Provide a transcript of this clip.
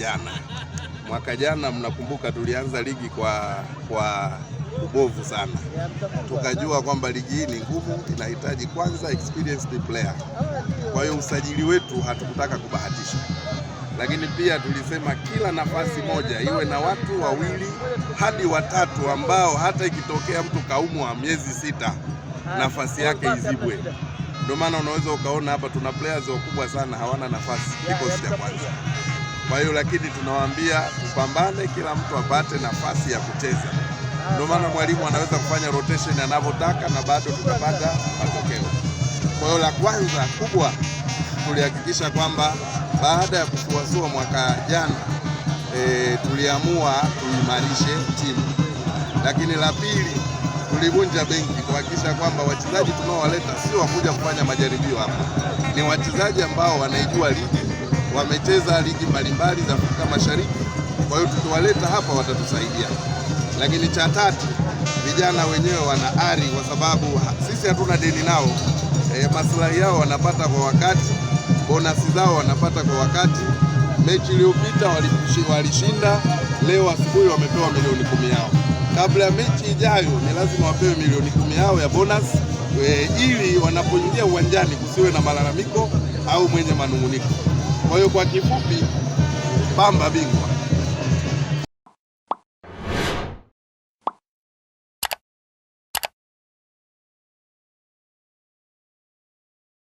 jana. Mwaka jana mnakumbuka, tulianza ligi kwa kwa ubovu sana, tukajua kwamba ligi hii ni ngumu, inahitaji kwanza experienced player. Kwa hiyo usajili wetu hatukutaka kubahatisha, lakini pia tulisema kila nafasi moja iwe na watu wawili hadi watatu ambao hata ikitokea mtu kaumwa miezi sita nafasi yake izibwe. Ndio maana unaweza ukaona hapa tuna players wakubwa sana hawana nafasi kikosi cha kwanza. Kwa hiyo lakini tunawaambia tupambane, kila mtu apate nafasi ya kucheza. Ndio maana mwalimu anaweza kufanya rotation anavyotaka na bado tutapata matokeo. Kwa hiyo la kwanza kubwa tulihakikisha kwamba baada ya kusuasua mwaka jana e, tuliamua tuimarishe timu, lakini la pili tulivunja benki kuhakikisha kwamba wachezaji tunaowaleta sio wakuja kufanya majaribio hapa, ni wachezaji ambao wanaijua ligi wamecheza ligi mbalimbali za Afrika Mashariki. Kwa hiyo tukiwaleta hapa watatusaidia, lakini cha tatu, vijana wenyewe wana ari, kwa sababu sisi hatuna deni nao. E, maslahi yao wanapata kwa wakati, bonasi zao wanapata kwa wakati. Mechi iliyopita walishinda, leo asubuhi wamepewa milioni kumi yao. Kabla ya mechi ijayo ni lazima wapewe milioni kumi yao ya bonasi e, ili wanapoingia uwanjani kusiwe na malalamiko au mwenye manunguniko. Kwa hiyo kwa kifupi, Bamba bingwa.